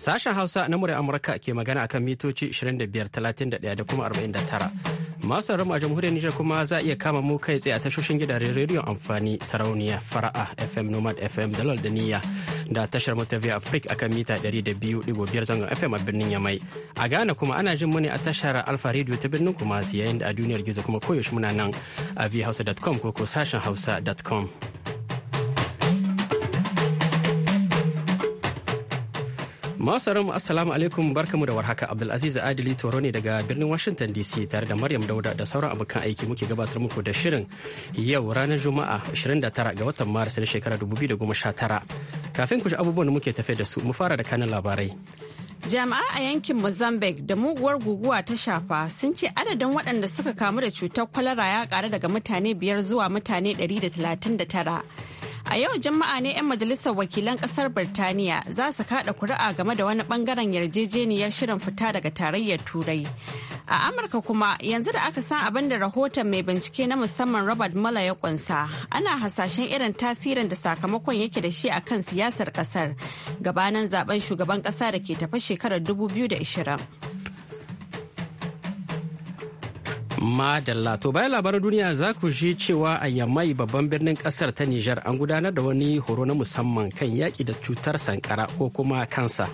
Sashen Hausa na murya Amurka ke magana akan mitoci 25,31 da kuma 49. Masu rama a jamhuriyar Nijar kuma za a iya kama mu kai tsaye a tashoshin gidajen rediyon amfani sarauniya fara'a FM Nomad FM da da niyya da tashar Mataviya Afrik akan mita 200.5 zangon FM a birnin Yamai. A Ghana kuma ana jin muni a tashar Alfa Radio ta birnin Kumasi yayin da a duniyar gizo kuma koyaushe muna nan a vhausa.com ko ko sashen hausa.com. Masaram Assalamu alaikum barkamu da warhaka Abdulaziz Adili Toro ne daga birnin Washington DC tare da Maryam Dauda da sauran abokan aiki muke gabatar muku da shirin yau ranar Juma'a 29 ga watan Maris na shekarar 2019. Kafin ku ji abubuwan da muke tafe da su mu fara da kanin labarai. Jami'a a yankin Mozambique da muguwar guguwa ta shafa sun ce adadin waɗanda suka kamu da cutar kwalara ya ƙara daga mutane biyar zuwa mutane 139. A yau Juma'a ne 'yan majalisar wakilan kasar Birtaniya za su kada kuri'a game da wani bangaren yarjejeniyar shirin fita daga tarayyar Turai. A Amurka kuma yanzu da aka san abin da rahoton mai bincike na musamman Robert Mueller ya kunsa, ana hasashen irin tasirin da sakamakon yake da shi a kan siyasar kasar gabanin zaben shugaban kasa da ke tafa shekarar 2020. Madalla to bayan labaran duniya za ku shi cewa a yamai babban birnin kasar ta Nijar an gudanar da wani horo na musamman kan yaƙi da cutar sankara ko kuma kansa.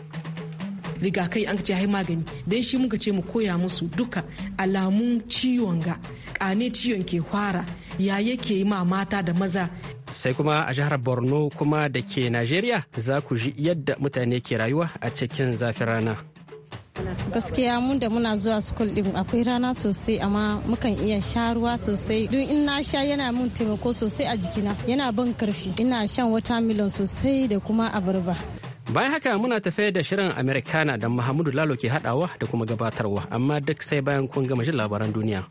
rigakai an ce hai magani dan shi muka ce mu koya musu duka alamun ciwon ga kane ciwon ke fara ya yake ma mata da maza sai kuma a jihar borno kuma da ke najeriya za ku ji yadda mutane ke rayuwa a cikin zafin rana gaskiya mun da muna zuwa school din akwai rana sosai amma mukan iya sha ruwa sosai duk in na sha yana mun taimako sosai a jikina yana ban karfi ina shan watermelon sosai da kuma abarba bayan haka muna tafe da shirin americana da mahamudu lalo ke hadawa da kuma gabatarwa amma duk sai bayan kun gama jin labaran duniya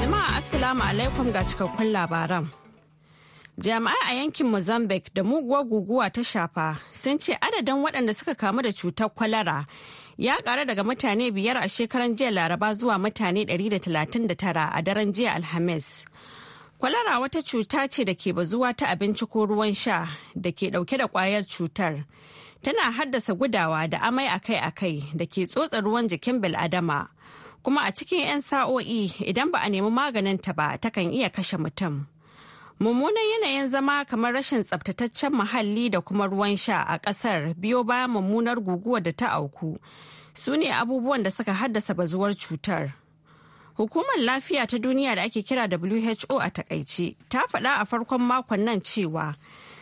jama'a assalamu alaikum ga cikakkun labaran Jami'ai a yankin Mozambique da muguwar guguwa ta shafa sun ce adadin waɗanda suka kamu da cutar kwalara ya ƙara daga mutane biyar a shekaran jiya laraba zuwa mutane 139 a daren jiya Alhamis. Kwalara wata cuta ce da ke bazuwa ta abinci ko ruwan sha da ke ɗauke da ƙwayar cutar. Tana haddasa gudawa da amai akai-akai da ke tsotsa ruwan jikin bil'adama. Kuma a cikin 'yan sa'o'i idan ba a nemi maganin ta ba takan iya kashe mutum. Mummunan yanayin zama kamar rashin tsabtataccen muhalli da kuma ruwan sha a ƙasar biyo bayan mummunar guguwa da ta auku su ne abubuwan da suka haddasa bazuwar cutar. Hukumar lafiya ta duniya da ake kira WHO a takaice ta faɗa a farkon makon nan cewa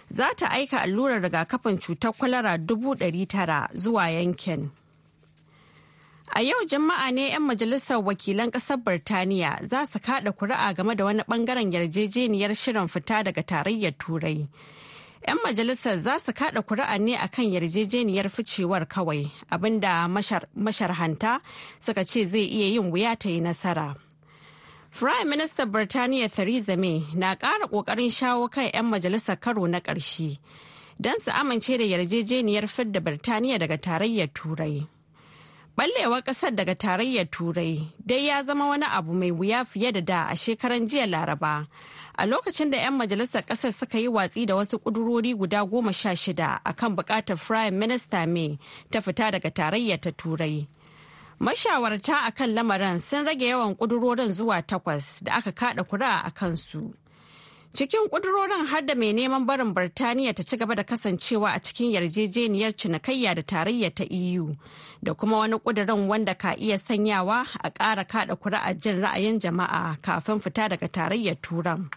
za ta aika allurar rigakafin cutar kwalara dubu ɗari tara zuwa yankin. A yau Juma'a ne 'yan majalisar wakilan ƙasar Birtaniya za su kaɗa kuri'a game da wani ɓangaren yarjejeniyar shirin fita daga tarayyar Turai. 'Yan majalisar za su kaɗa kuri'a ne akan yarjejeniyar ficewar kawai, abinda masharhanta suka ce zai iya yin wuya ta yi nasara. Firayim Ministan Birtaniya Theresa May na ƙara ƙoƙarin shawo kan 'yan majalisar karo na ƙarshe don su amince da yarjejeniyar fidda Birtaniya daga tarayyar Turai. Ballewar ƙasar daga tarayyar Turai dai ya zama wani abu mai wuya fiye da da a shekaran jiya Laraba. A lokacin da 'yan majalisar ƙasar suka yi watsi da wasu ƙudurori guda goma sha shida a kan buƙatar Prime Minister May ta fita daga tarayyar ta Turai. Mashawarta a kan lamarin sun rage yawan ƙudurorin zuwa takwas da aka kaɗa kura a kansu. Cikin ƙudurorin har da mai neman barin Birtaniya ta ci gaba da kasancewa a cikin yarjejeniyar cinikayya da tarayya ta EU da kuma wani ƙudurin wanda ka iya sanyawa a ƙara kaɗa kuri'ar jin ra'ayin jama'a kafin fita daga tarayyar Turan.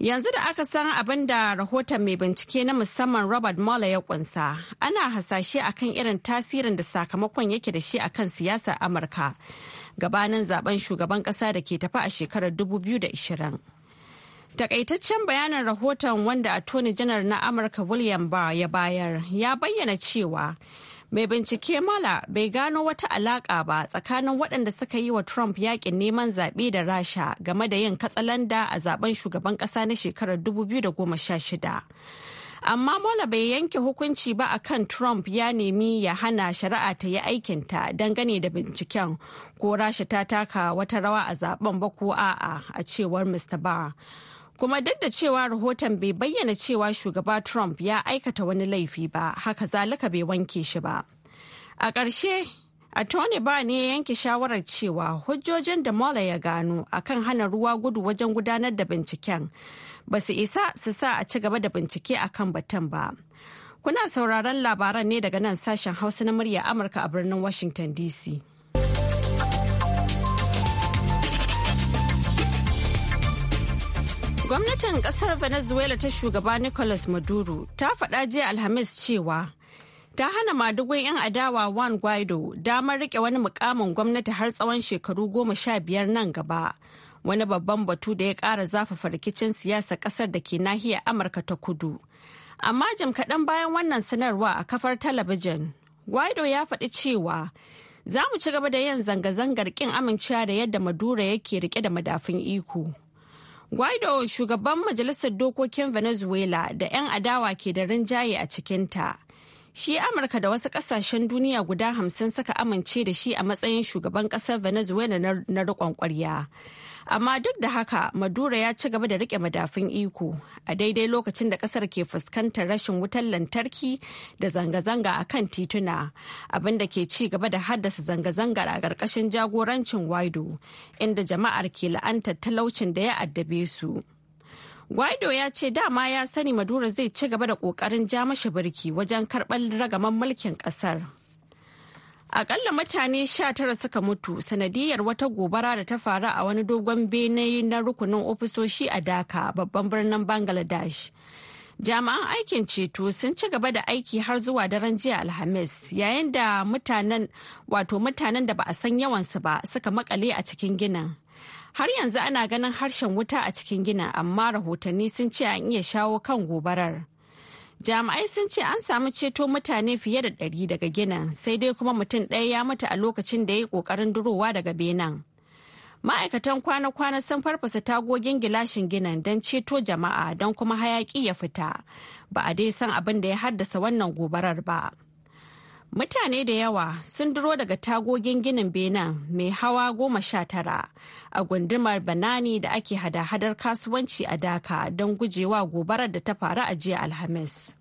Yanzu da aka san abin da rahoton mai bincike na musamman Robert Mueller ya kunsa, ana hasashe akan irin tasirin da sakamakon yake da shi akan siyasar Amurka gabanin zaben shugaban ƙasa da ke tafi a shekarar 2020. Takaitaccen bayanin rahoton wanda Attorney janar na Amurka William Barr ya bayar ya bayyana cewa mai bincike mala bai gano wata alaƙa ba tsakanin waɗanda suka yi wa Trump yakin neman zaɓe da Rasha game da yin katsalanda a zaben shugaban ƙasa na shekarar 2016. amma mola bai yanke hukunci ba akan trump ya nemi ya hana shari'a ta yi aikinta dangane da binciken ko rasha ta taka wata rawa a zaben ba ko a'a a cewar mr barr kuma duk da cewa rahoton bai bayyana cewa shugaba trump ya aikata wani laifi ba haka zalika bai wanke shi ba a ƙarshe tony ba ne ya yanke shawarar cewa hujjojin da mola ya gano akan hana ruwa gudu wajen gudanar da binciken ba su isa su sa a ci gaba da bincike a kan batun ba kuna sauraron labaran ne daga nan sashen hausa na murya amurka a birnin washington dc Gwamnatin kasar Venezuela ta shugaba Nicolas Maduro ta faɗa jiya Alhamis cewa ta hana madugun 'yan adawa Juan Guaido damar riƙe wani mukamin gwamnati har tsawon shekaru goma sha biyar nan gaba. Wani babban batu da ya ƙara zafafa rikicin siyasa ƙasar da ke nahiya Amurka ta kudu. Amma jim kaɗan bayan wannan sanarwa a kafar talabijin, Guaido ya faɗi cewa za mu ci gaba da yin zanga-zangar ƙin amincewa da yadda Maduro yake rike da madafin iko. Guaido shugaban majalisar dokokin Venezuela da 'yan adawa ke da rinjaye a cikinta. Shi Amurka da wasu kasashen duniya guda hamsin suka amince da shi a matsayin shugaban ƙasar Venezuela na riƙon ƙwarya. amma duk da haka madura ya ci gaba da rike madafin iko a daidai lokacin da kasar ke fuskantar rashin wutar lantarki da zanga-zanga a kan tituna abinda ke ci gaba da haddasa zanga-zangar a ƙarƙashin jagorancin waido inda jama'ar ke la'antar talaucin da ya addabe su Guaido ya ce dama ya sani Madura zai ci gaba da ƙoƙarin ja mashi birki wajen karɓar ragaman mulkin ƙasar. Akalla mutane sha tara suka mutu sanadiyar wata gobara da ta faru a wani dogon bene na rukunin ofisoshi a Dhaka babban birnin Bangladesh. Jami'an aikin ceto sun ci gaba da aiki har zuwa daren jiya Alhamis yayin da mutanen wato mutanen da ba a san yawansu ba suka makale a cikin ginin. Har yanzu ana ganin harshen wuta a cikin ginin amma rahotanni sun ce an iya shawo kan gobarar. jami'ai sun ce an samu ceto mutane fiye da ɗari daga ginin sai dai kuma mutum ɗaya ya mutu a lokacin da ya yi ƙoƙarin durowa daga benin ma'aikatan kwana-kwana sun farfasa tagogin gilashin ginin don ceto jama'a don kuma hayaƙi ya fita ba a dai san abin da ya haddasa wannan gobarar ba. Mutane da yawa sun duro daga tagogin ginin Benin mai hawa goma sha tara a gundumar Banani da ake hada-hadar kasuwanci a Daka don gujewa gobarar da ta faru a jiya Alhamis.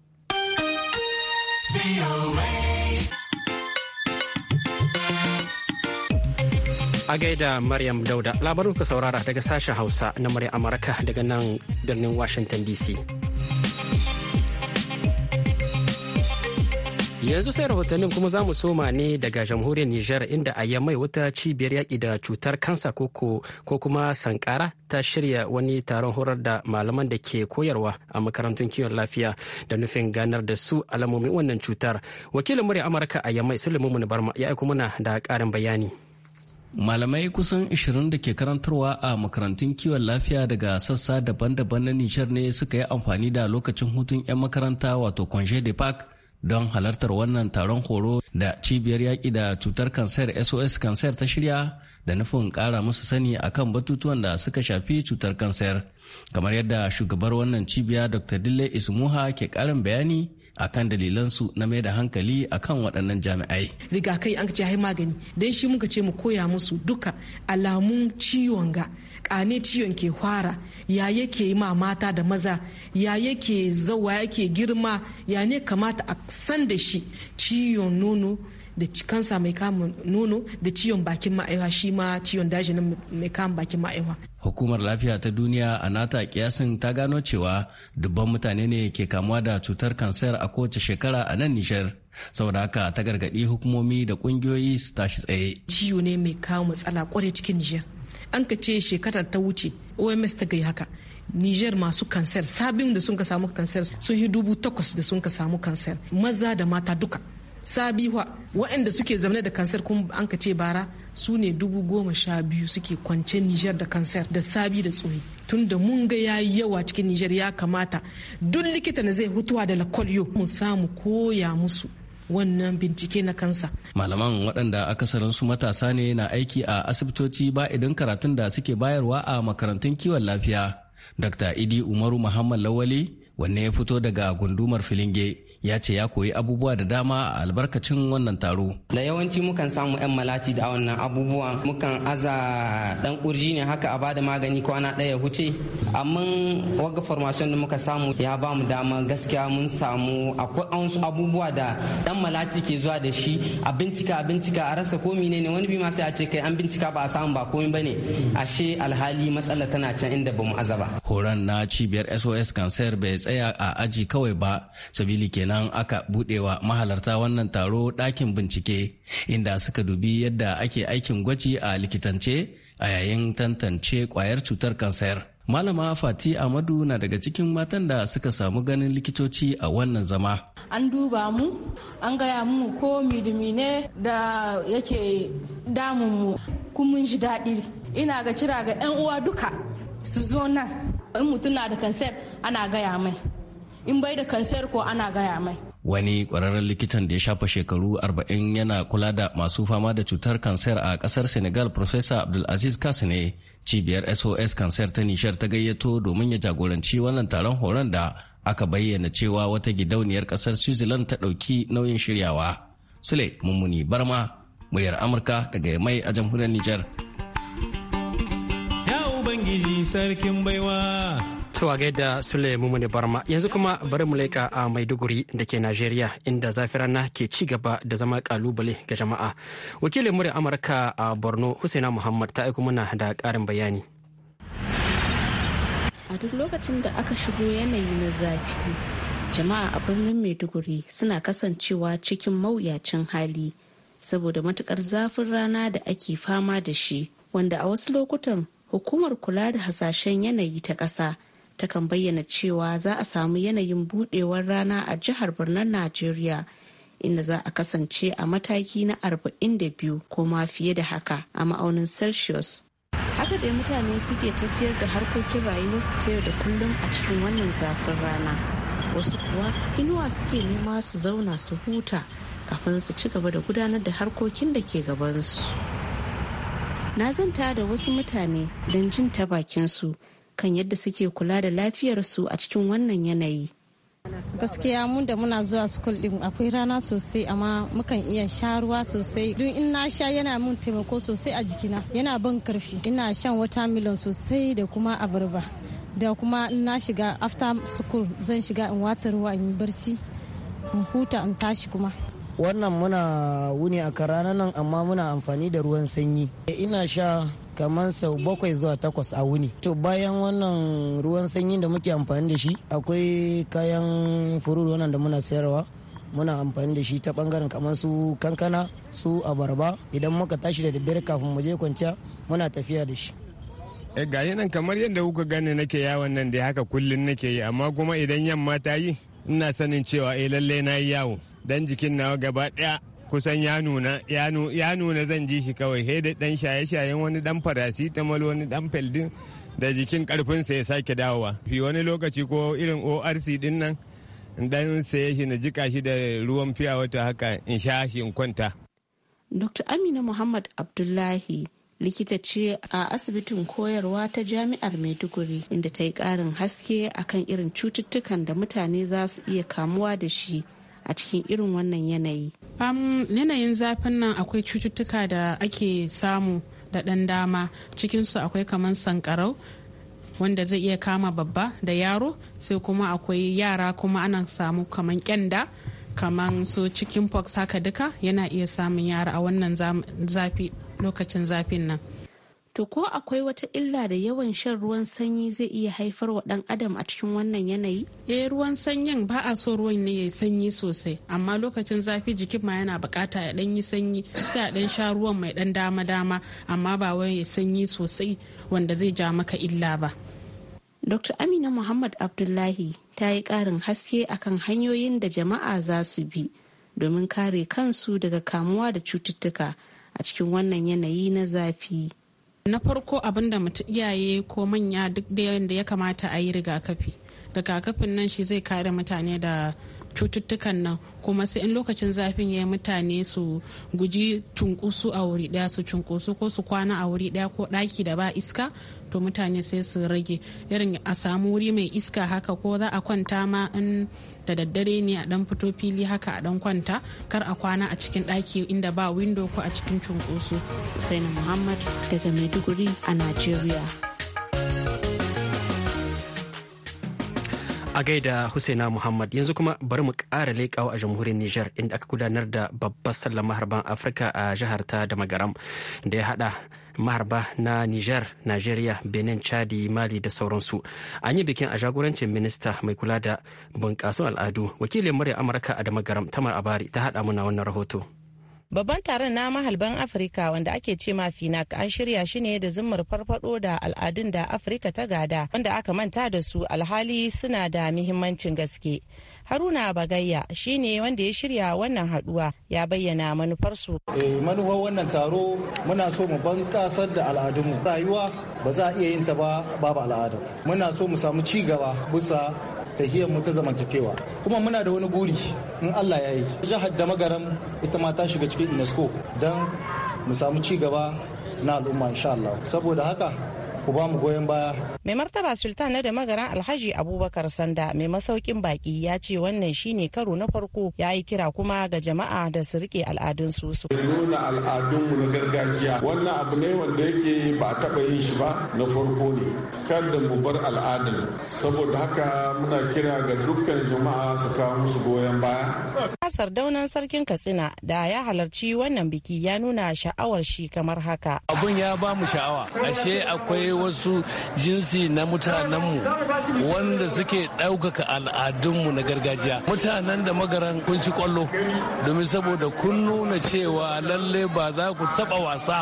A gaida Maryam Dauda labarin ka saurara daga sashen Hausa na Maryam Amurka daga nan birnin Washington DC. yanzu sai rahotannin kuma za mu soma ne daga jamhuriyar nijar inda a yamai wata cibiyar yaƙi da cutar kansa ko kuma sankara ta shirya wani taron horar da malaman da ke koyarwa a makarantun kiwon lafiya da nufin ganar da su alamomin wannan cutar wakilin murya amurka a yamai suleiman barma ya aiko mana da karin bayani malamai kusan 20 da ke karantarwa a makarantun kiwon lafiya daga sassa daban-daban na nijar ne suka yi amfani da lokacin hutun 'yan makaranta wato congé de park don halartar wannan taron horo da cibiyar yaƙi da cutar kansar sos kansar ta shirya da nufin kara musu sani akan batutuwan da suka shafi cutar kansar kamar yadda shugabar wannan cibiya dr dille ismuha ke karin bayani akan dalilansu na mai da hankali akan waɗannan jami'ai. Rigakai an ce hai magani don shi muka ce mu koya musu duka alamun ciwon ga kane ciwon ke fara ya yake ma mata da maza ya yake zawa yake girma ya ne kamata a san da shi ciwon nono da kansa mai kama nono da ciwon bakin ma'aiwa shi ma ciwon daji na mai kama bakin ma'aiwa. Hukumar lafiya ta duniya a nata kiyasin ta gano cewa dubban mutane ne ke kamuwa da cutar kansar a kowace shekara a nan Nishar. saboda haka ta gargaɗi hukumomi da ƙungiyoyi su tashi tsaye. Ciwo ne mai kawo matsala kwarai cikin Nijar. An ka ce shekarar ta wuce OMS ta gai haka. nijar masu kansar sabin da sun ka samu kansar sun yi dubu takwas da sun ka samu kansar maza da mata duka. sabiwa waɗanda suke zaune da kansar kuma an ka ce bara su ne dubu goma sha biyu suke kwance nijar da kansar da sabi da tsohi tun da mun ga ya yi yawa cikin nijar ya kamata duk likita na zai hutuwa da lakwaliyo mu samu koya musu wannan bincike na kansa. Malaman waɗanda akasarin su matasa ne na aiki a asibitoci ba idan karatun da suke bayarwa a makarantun kiwon lafiya. Dr. Idi Umaru Muhammad Lawali wanne ya fito daga gundumar Filinge ya ce ya koyi abubuwa da dama a albarkacin wannan taro. Da yawanci mukan samu 'yan malati da wannan abubuwa mukan aza dan kurji ne haka a bada magani kwana ɗaya huce amma waga formation da muka samu ya ba mu dama gaskiya mun samu akwai abubuwa da dan malati ke zuwa da shi a bincika a bincika a rasa ko ne wani bi masu sai ce kai an bincika ba a samu ba komai bane ashe alhali matsala tana can inda mu aza ba. Horon na cibiyar SOS Cancer bai tsaya a aji kawai ba sabili kenan kenan aka budewa mahalarta wannan taro dakin bincike inda suka dubi yadda ake aikin gwaji a likitance a yayin tantance kwayar cutar kansayar. Malama Fati Amadu na daga cikin matan da suka samu ganin likitoci a wannan zama. An duba mu, an gaya mu ko midimi ne da yake damun mu, mun ji daɗi. Ina ga kira ga 'yan uwa duka su zo nan, in mutum na da kansar ana gaya mai. in bai da kansar ko ana gaya mai wani ƙwararren likitan da ya shafa shekaru 40 yana kula da masu fama da cutar kansar a kasar senegal professor abdulaziz ne cibiyar sos kansar ta nishar ta gayyato domin ya jagoranci wannan taron horon da aka bayyana cewa wata gidauniyar kasar switzerland ta ɗauki nauyin shiryawa sule mummuni barma muryar amurka daga mai a jamhuriyar niger ubangiji sarkin baiwa To a gaida Sule Mumuni Barma yanzu kuma bari mu a Maiduguri da ke Najeriya inda zafi rana ke ci gaba da zama kalubale ga jama'a. Wakilin murya Amurka a Borno Husaina Muhammad ta aiko mana da karin bayani. A duk lokacin da aka shigo yanayi na zafi, jama'a a birnin Maiduguri suna kasancewa cikin mawuyacin hali saboda matukar zafin rana da ake fama da shi wanda a wasu lokutan hukumar kula da hasashen yanayi ta ƙasa takan bayyana cewa za a samu yanayin budewar rana a jihar birnin najeriya inda za a kasance a mataki na 42 ko ma fiye da haka a ma'aunin celsius haka dai mutane suke tafiyar da harkokin rayuwarsu ta yau da kullum a cikin wannan zafin rana wasu kuwa inuwa suke nema su zauna su huta kafin su ci gaba da gudanar da harkokin da ke gabansu na zanta da wasu mutane don jin ta bakinsu kan yadda suke kula da lafiyarsu a cikin wannan yanayi. gaskiya mun da muna zuwa school din akwai rana sosai amma mukan iya sha ruwa sosai don in na sha yana mun taimako sosai a jikina yana ban karfi ina shan watermelon sosai da kuma abarba da kuma in na shiga after school zan shiga in watsa ruwa in yi barci in huta in tashi kuma wannan muna wuni a karana nan amma muna amfani da ruwan sanyi ina sha kamar sau bakwai zuwa takwas a wuni to bayan wannan ruwan sanyi da muke amfani da shi akwai kayan fururu wannan da muna sayarwa muna amfani da shi ta bangaren kamar su kankana su abarba idan muka tashi da daddare kafin mu je kwanciya muna tafiya da shi eh, ga nan kamar yadda kuka gane nake yawon nan da haka kullum nake yi amma kuma idan yamma ta yi ina sanin cewa eh lalle na yi yawo dan jikin nawa gaba daya kusan ya nuna ya nuna zan ji shi kawai he da dan shaye-shayen wani dan paracetamol wani dan feldin da jikin sa ya sake dawowa fi wani lokaci ko irin orc din nan dan saye shi na jika shi da ruwan fiya wata haka in sha shi in kwanta dr amina muhammad abdullahi likita ce a asibitin koyarwa ta jami'ar maiduguri inda ta yi karin haske akan irin cututtukan da mutane za su iya kamuwa da shi a cikin irin wannan yanayi? yanayin zafin nan akwai cututtuka da ake samu da ɗan dama cikinsu akwai kamar sankarau wanda zai iya kama babba da yaro sai kuma akwai yara kuma ana samu kamar kyanda kamar su chicken pox haka duka yana iya samun yara a wannan zafi lokacin zafin nan. To ko akwai wata illa da yawan shan ruwan sanyi zai iya haifar wa ɗan adam a cikin wannan yanayi? Eh ruwan sanyin ba a so ruwan ne ya sanyi sosai amma lokacin zafi jikin ma yana bukata ya dan yi sanyi sai a dan sha ruwan mai dan dama-dama amma ba wai ya sanyi sosai wanda zai ja maka illa ba. Dr. Amina Muhammad Abdullahi ta yi ƙarin haske akan hanyoyin da jama'a za su bi domin kare kansu daga kamuwa da cututtuka a cikin wannan yanayi na zafi. na farko abin da iyaye ko manya duk da yadda ya kamata a yi rigakafi rigakafin nan shi zai kare mutane da cututtukan nan kuma sai in lokacin zafin ya yi mutane su guji cunkusu a wuri daya su cunkusu ko su kwana a wuri daya ko daki da ba iska to mutane sai su rage irin a samu wuri mai iska haka ko za a kwanta ma in da daddare ne a dan fito fili haka a dan kwanta kar a kwana a cikin ɗaki inda ba windo ko a cikin cunkoso. Usaini Muhammad daga Maiduguri a Najeriya. a gaida Husaina Muhammad yanzu kuma bari mu kara leƙawa a jamhuriyar Nijar inda aka gudanar da babbar sallar maharban Afirka a jihar ta da da ya hada maharba na niger nigeria benin chadi mali da sauransu an yi bikin a jagorancin minista mai kula da bunƙasun al'adu wakilin murya amurka a garam tamar abari ta haɗa muna wannan rahoto Babban taron na mahalban Afirka wanda ake ce ma FINAC an shirya shi ne da zummar farfado da al'adun da Afirka ta gada wanda aka manta da su alhali suna da muhimmancin gaske. haruna bagayya shi ne wanda ya shirya wannan haduwa ya bayyana manufarsu eh, manufar wannan taro muna so mu bankasar da al'adunmu rayuwa ba za a iya yin ta ba babu al'ada muna so mu samu ci gaba bisa tahiyar mu ta zamantakewa kuma muna da wani guri in Allah ya yi jihar da magaram ita ma ta shiga cikin UNESCO don mu samu ci gaba na al'umma insha saboda haka ku ba mu goyon baya. Mai martaba Sultan na da magara Alhaji Abubakar Sanda mai masaukin baki ya ce wannan shine karo na farko ya yi kira kuma ga jama'a da su rike al'adun su. Su nuna al'adunmu na gargajiya wannan abu ne wanda yake ba a taba yin shi ba na farko ne kada mu bar al'adun saboda haka muna kira ga dukkan jama'a su kawo musu goyon baya. Kasar daunan sarkin Katsina da ya halarci wannan biki ya nuna sha'awar shi kamar haka. Abun ya ba mu sha'awa ashe akwai wasu jinsi na mutanenmu wanda suke ɗaukaka al'adunmu na gargajiya mutanen da magaran kunci kwallo domin saboda kun nuna cewa lalle ba za ku taɓa wasa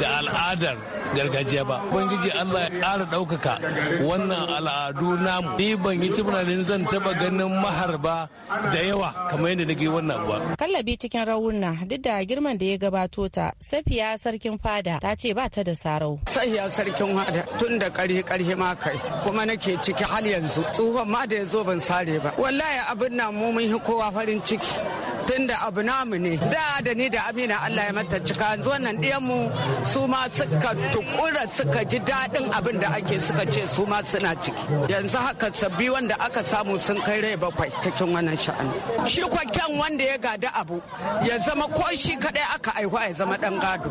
da al'adar gargajiya ba ubangiji allah ya ƙara ɗaukaka wannan al'adu namu ni ban yi tunanin zan taɓa ganin maharba da yawa kamar yadda nake wannan ba kallabi cikin rawuna duk da girman da ya gabato ta safiya sarkin fada ta ce ba ta da sarau safiya sarkin kuma da tun da karhe karhe ma kai kuma nake ciki hal yanzu tsohon ma da ya zo ban sare ba wallahi abin na mu mun kowa farin ciki tunda abu namu ne da da ni da amina allah ya mata cika yanzu wannan ɗiyanmu su ma suka tukura suka ji daɗin abin da ake suka ce su ma suna ciki yanzu haka sabbi wanda aka samu sun kai rai bakwai cikin wannan sha'ani shi kwakken wanda ya gada abu ya zama ko shi kaɗai aka aihu ya zama ɗan gado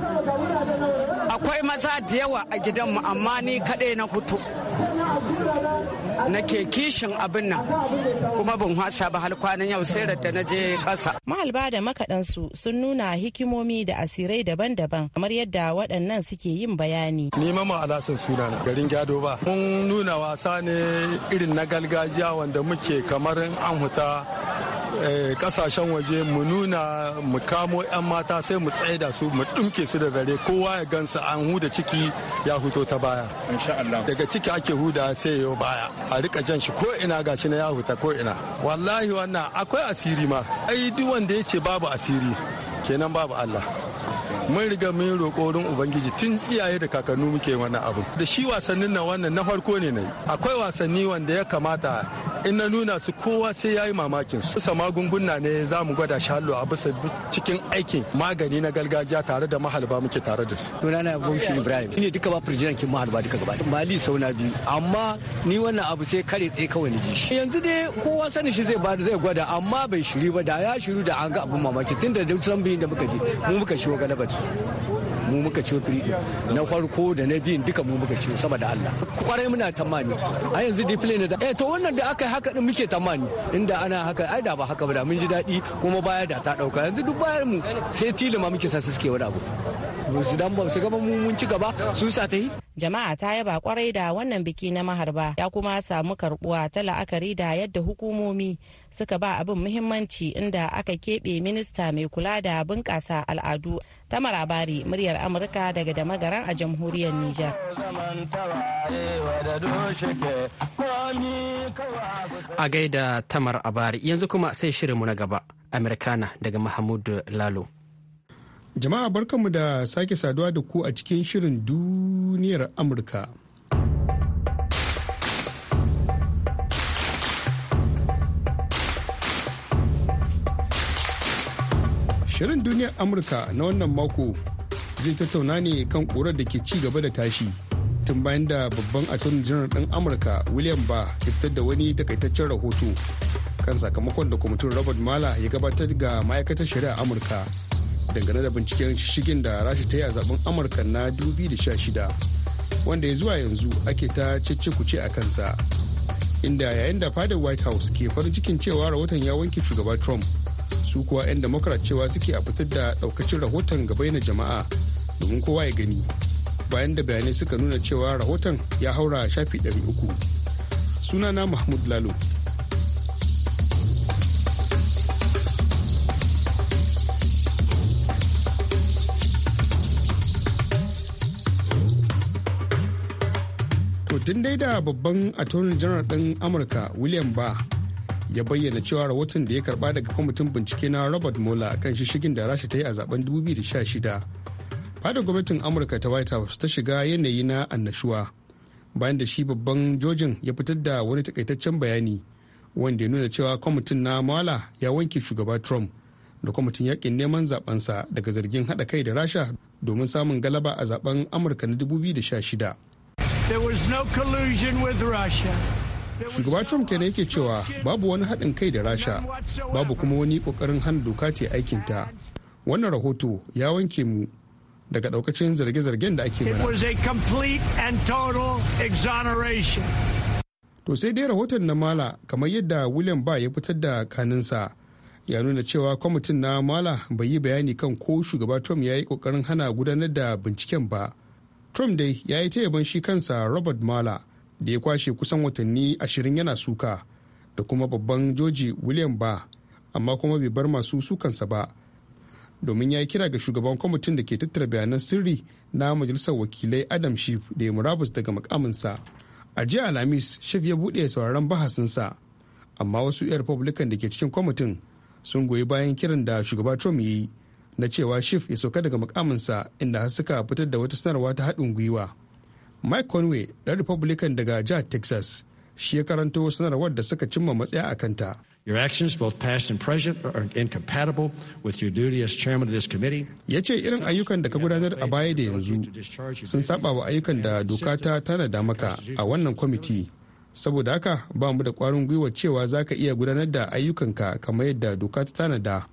akwai maza da yawa a gidanmu amma ni kaɗai na hutu nake kishin abin nan kuma ban hasa ba har kwanan yau sai da na je kasa. Mahalba da makaɗansu sun nuna hikimomi da asirai daban-daban kamar yadda waɗannan suke yin bayani. Ni ma alasan sunana garin gado ba. Mun nuna wasa ne irin na gargajiya wanda muke kamar an huta kasashen eh, waje mu nuna mu kamo 'yan mata sai mu tsaye da su mu ɗumke su da zare kowa ya gansu an huda ciki ya huto ta baya daga ciki ake huda sai yau baya a rika jan shi ko ina ga shi na ya huta ko ina wallahi wannan akwai asiri ma ai duk wanda ya ce babu asiri kenan babu Allah mun riga mun roƙo wurin ubangiji tun iyaye da kakannu muke wannan abu da shi wasannin nan wannan na farko ne nayi akwai wasanni wanda ya kamata in na nuna su kowa sai ya yi mamakin su sa magunguna ne za mu gwada shalo a bisa cikin aikin magani na gargajiya tare da mahalba muke tare da su tunana shi ibrahim ni duka ba firjinan kin mahalba duka gaba mali sau na biyu amma ni wannan abu sai kare tsaye kawai ni ji yanzu dai kowa sani shi zai bada zai gwada amma bai shiri ba da ya shiru da an ga abun mamaki tunda da san biyin da muka je mu muka shigo galabat mu muka ciwo firi na farko da na biyun duka mu muka ciwo saboda Allah kwarai muna tamani a yanzu discipline da eh to wannan da aka haka din muke tamani inda ana haka ai da ba haka ba da mun ji daɗi kuma baya da ta ɗauka yanzu duk bayan mu sai tilima muke sa suke wani abu dan ba su gaba mun ci gaba su sa ta yi jama'a ta yaba kwarai da wannan biki na maharba ya kuma samu karbuwa ta la'akari da yadda hukumomi suka ba abin muhimmanci inda aka keɓe minista mai kula da bunƙasa al'adu ta marabari muryar amurka daga da magaran a jamhuriyar nijar a gaida tamar abari yanzu kuma sai shirinmu na gaba americana daga mahmud lalo Jama'a barkanmu da sake saduwa da ku a cikin shirin duniyar Amurka. Shirin duniyar Amurka na wannan mako zai tattauna ne kan ƙurar da ke ci gaba da tashi tun bayan da babban atun janar ɗin Amurka William ba fitar da wani takaitaccen rahoto kan sakamakon da kwamitin Robert Mala ya gabatar ga ma'aikatar shari'a Amurka. dangane da binciken shigin da rasha ta yi a zaben amurka na 2016 wanda ya zuwa yanzu ake ta cece a kansa inda yayin da fadar white house ke farin cikin cewa rahoton ya wanke shugaba trump su kuwa 'yan democrat cewa suke a fitar da daukacin rahoton gaba na jama'a domin kowa ya gani bayan da bayanai suka nuna cewa rahoton ya haura shafi 300 sunana mahmud lalo tun dai da babban attorney general ɗin amurka william ba ya bayyana cewa rahoton da ya karba daga kwamitin bincike na robert mueller kan shishigin da rasha ta yi a zaben 2016 fadar gwamnatin amurka ta white house ta shiga yanayi na annashuwa bayan da shi babban jojin ya fitar da wani takaitaccen bayani wanda ya nuna cewa kwamitin na mala ya wanke shugaba trump da kwamitin yakin neman zabensa daga zargin haɗa kai da rasha domin samun galaba a zaben amurka na 2016 Shugaba Trump kenan yake cewa babu wani haɗin kai da Rasha, babu kuma wani ƙoƙarin hana doka ce aikinta. Wannan rahoto ya wanke mu daga ɗaukacin zarge-zargen da ake mana. to sai dai rahoton na mala kamar yadda william ba ya fitar da kaninsa ya nuna cewa kwamitin na mala bai yi bayani kan ko shugaba trump ya yi ƙoƙarin hana gudanar da binciken ba trump dai ya yi ta yaban shi kansa robert mueller da ya kwashe kusan watanni ashirin yana suka da kuma babban george william ba amma kuma bai bar masu sukansa ba domin ya yi kira ga shugaban kwamitin da ke tattara bayanan sirri na majalisar wakilai adam shif da ya murabus daga makaminsa a jiya alhamis shif ya buɗe sauraron bahasinsa amma wasu 'yan republican da ke cikin kwamitin sun goyi bayan kiran da shugaba trump ya yi na cewa Schiff ya sauka daga mukaminsa inda har suka fitar da wata sanarwa ta haɗin gwiwa. Mike Conway, ɗan Republican daga jihar Texas, shi ya karanto sanarwar da suka cimma matsaya a kanta. Your actions, both past and present, are incompatible with your duty as chairman of this committee. Ya ce irin ayyukan da ka gudanar a baya da yanzu sun saba wa ayyukan da doka ta tanada maka a wannan kwamiti. Saboda haka ba mu da kwarin gwiwa cewa za ka iya gudanar da ayyukanka kamar yadda doka ta tanada.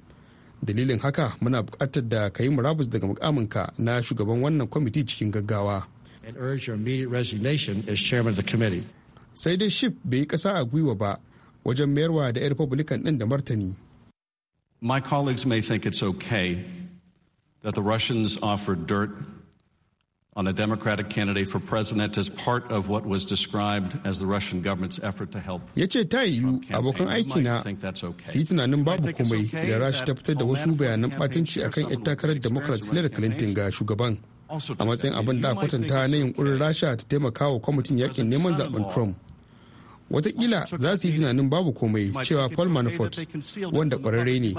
dalilin haka muna bukatar da ka yi murabus daga mukaminka na shugaban wannan kwamiti cikin gaggawa sai dai ship bai yi kasa a gwiwa ba wajen mayarwa da 'yan republican ɗin da martani my colleagues may think it's okay that the russians offered dirt on a Democratic candidate for president as part of what was described as the Russian government's effort to help. Ya ce ta yiwu abokan aiki na su yi tunanin babu komai da Rasha ta fitar da wasu bayanan batunci akan yan takarar Democrat Hillary Clinton ga shugaban. A matsayin abin da a kwatanta na yunkurin Rasha ta taimaka wa kwamitin yakin neman zaben Trump. watakila za su yi tunanin babu komai cewa paul manafort wanda kwararre ne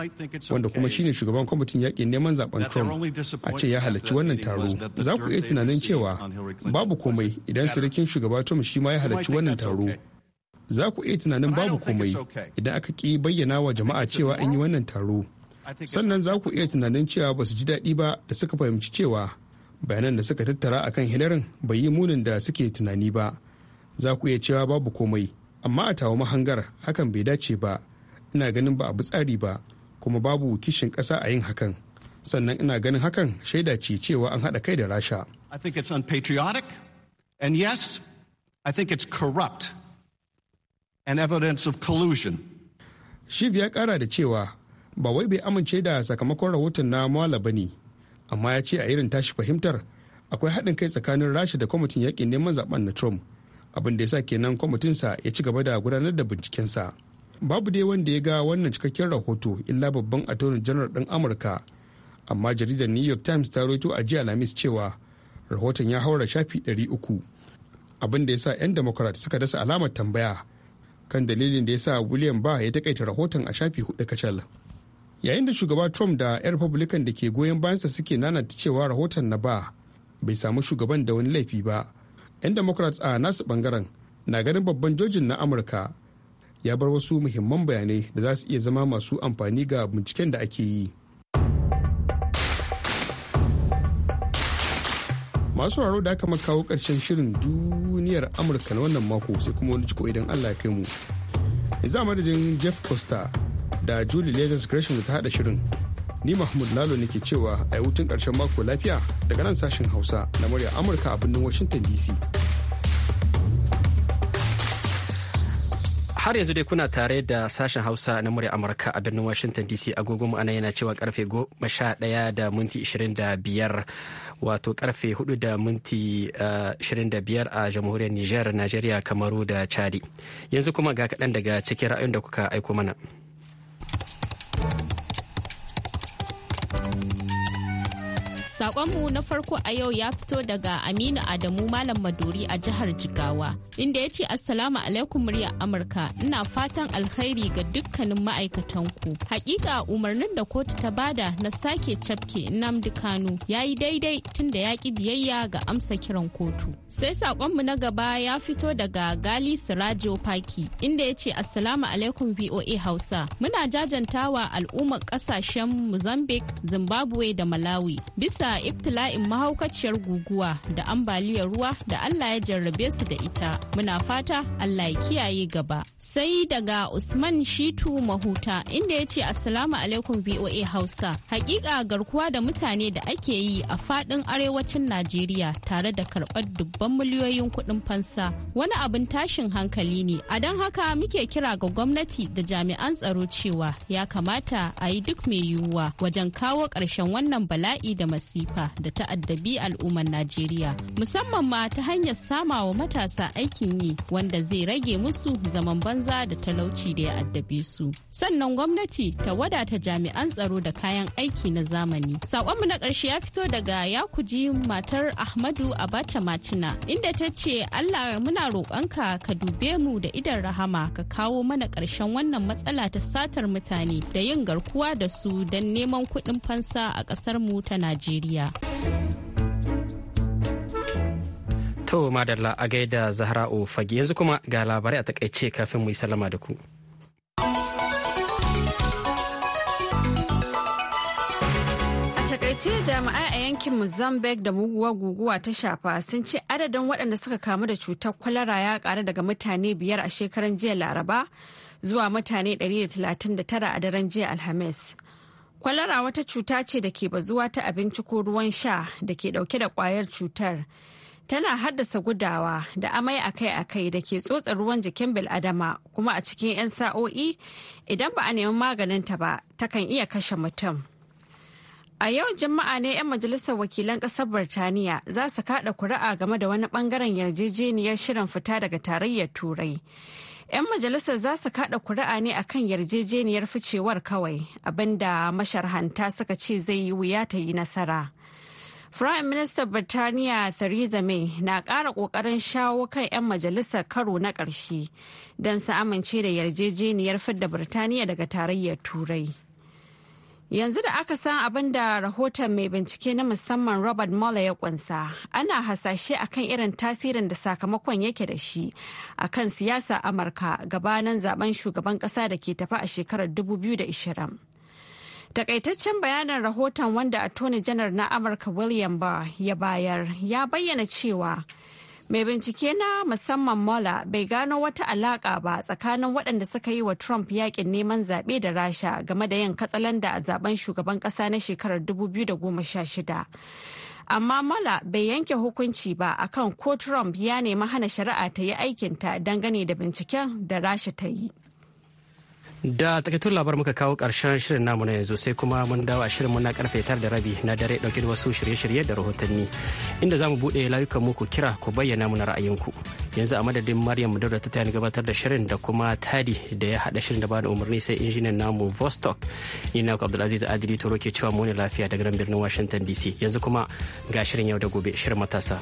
wanda kuma shine shugaban kwamitin yakin neman zaben trump a ce ya halarci wannan taro za ku iya tunanin cewa babu komai idan sirikin shugaba trump shi ma ya halarci wannan taro za ku iya tunanin babu komai idan aka ki bayyana wa jama'a cewa an yi wannan taro sannan za ku iya tunanin cewa ba su ji daɗi ba da suka fahimci cewa bayanan da suka tattara akan hilarin bai yi munin da suke tunani ba za ku iya cewa babu komai amma a tawo mahangar hakan bai dace ba ina ganin ba a bi tsari ba kuma babu kishin ƙasa a yin hakan sannan ina ganin hakan shaida ce cewa an haɗa kai da rasha i think it's unpatriotic and yes i think it's corrupt and evidence of collusion shiv ya ƙara da cewa ba wai bai amince da sakamakon rahoton na mawala ba ne amma ya ce a irin tashi fahimtar akwai haɗin kai tsakanin rasha da kwamitin yakin neman zaben na trump abin da ya sa kenan kwamitinsa ya ci gaba da gudanar da bincikensa babu dai wanda ya ga wannan cikakken rahoto illa babban attorney general ɗin amurka amma jaridar new york times ta roito a jiya alhamis cewa rahoton ya haura shafi 300 abin da ya sa 'yan democrat suka dasa alamar tambaya kan dalilin da ya sa william ba ya takaita rahoton a shafi hudu kacal yayin da shugaba trump da 'yan republican da ke goyon bayansa suke nanata cewa rahoton na ba bai samu shugaban da wani laifi ba 'yan democrats a nasu bangaren na ganin babban jojin na amurka ya bar wasu muhimman bayanai da za su iya zama masu amfani ga binciken da ake yi masu raro da aka kawo karshen shirin duniyar amurka na wannan mako sai kuma wani ciko idan allah ya kai mu za madadin jeff costa da julie legas gresham da ta hada shirin ni mahmud lalo nake cewa a yi hutun ƙarshen mako lafiya daga nan sashen hausa na murya amurka a birnin washington dc har yanzu dai kuna tare da sashen hausa na murya amurka a birnin washington dc agogo mu yana cewa karfe 11 da minti 25 wato karfe 4 da minti 25 eh, a jamhuriyar niger nigeria kamaru da chadi yanzu kuma ga kaɗan daga cikin ra'ayin da kuka aiko mana. Sakonmu na farko a yau ya fito daga Aminu Adamu Malam Maduri a jihar Jigawa, inda ya ce Assalamu alaikum murya Amurka, ina fatan alkhairi ga dukkanin ma'aikatanku. Hakika umarnin da kotu ta bada na sake cafke Nnamdi Kano ya yi daidai tunda ya ki biyayya ga amsa kiran kotu. Sai sakonmu na gaba ya fito daga Gali Sirajo Paki, inda ya ce Assalamu alaikum VOA Hausa. Muna jajantawa al'ummar ƙasashen Mozambique, Zimbabwe da Malawi. Bisa ibtila'in mahaukaciyar guguwa da ambaliyar ruwa da Allah ya jarrabe su da ita. Muna fata Allah ya kiyaye gaba. Sai daga Usman Shitu Mahuta inda ya ce Assalamu alaikum VOA Hausa. Hakika garkuwa da mutane da ake yi a fadin arewacin Najeriya tare da karɓar dubban miliyoyin kuɗin fansa wani abin tashin hankali ne. A don haka muke kira ga gwamnati da jami'an tsaro cewa ya kamata a yi duk mai yiwuwa wajen kawo ƙarshen wannan bala'i da masu wasifa da ta'addabi al'ummar Najeriya musamman ma ta hanyar samawa matasa aikin yi wanda zai rage musu zaman banza da talauci da ya addabe su. Sannan gwamnati ta wadata jami'an tsaro da kayan aiki na zamani. mu na ƙarshe ya fito daga Yakuji matar Ahmadu Abacha Macina inda ta ce Allah muna roƙonka ka dube mu da idan rahama ka kawo mana ƙarshen wannan matsala ta satar mutane da yin garkuwa da su don neman kuɗin fansa a ƙasar mu ta Najeriya. Najeriya. To madalla a gaida zahra Fage yanzu kuma ga labarai a takaice kafin mu yi sallama da ku. ce jami'ai a yankin mozambique da muguwar guguwa ta shafa sun ce adadin waɗanda suka kamu da cutar kwalara ya ƙaru daga mutane biyar a shekaran jiya laraba zuwa mutane 139 a daren jiya alhamis Kwalara wata cuta ce da ke bazuwa ta abinci ko ruwan sha da ke dauke da kwayar cutar. Tana haddasa gudawa da amai akai-akai da ke tsotsa ruwan jikin bil'adama kuma a cikin 'yan sa'o'i idan ba a nemi maganinta ba ta kan iya kashe mutum. A yau Juma'a ne 'yan majalisar wakilan kasar Birtaniya za su kada kuri'a game da wani bangaren yarjejeniyar shirin fita daga tarayyar Turai. 'Yan majalisar za su kada kuri'a ne akan yarjejeniyar ficewar kawai abinda masharhanta suka ce zai yi wuya ta yi nasara. Firayim Ministan Birtaniya Theresa May na ƙara ƙoƙarin shawo kan 'yan majalisar karo na ƙarshe don su amince da yarjejeniyar fidda Birtaniya daga tarayyar Turai. Yanzu da aka san abin da rahoton mai bincike na musamman Robert Mueller ya kunsa, ana hasashe akan irin tasirin da sakamakon yake da shi a kan siyasa Amurka gabanin zaben shugaban kasa da ke tafi a shekarar 2020. Takaitaccen bayanin rahoton wanda Attorney General na Amurka William Barr ya bayar ya bayyana cewa Mai bincike na musamman Mola bai gano wata alaƙa ba tsakanin waɗanda suka yi wa Trump yakin neman zaɓe da Rasha game da yin katsalanda a zaben shugaban ƙasa na shekarar 2016. Amma Mueller bai yanke hukunci ba akan ko Trump ya nemi hana shari'a ta yi aikinta dangane da binciken da Rasha ta yi. da takaitun labar muka kawo karshen shirin namu na yanzu sai kuma mun dawo a shirin muna karfe tar da rabi na dare dauke da wasu shirye-shirye da rahotanni inda za mu buɗe layukan muku kira ku bayyana muna ra'ayinku yanzu a madadin maryam daura ta gabatar da shirin da kuma tadi da ya haɗa shirin da bada umarni sai injiniyan namu vostok ni na ku abdulaziz adili toro ke cewa mu ne lafiya daga nan birnin washington dc yanzu kuma ga shirin yau da gobe shirin matasa.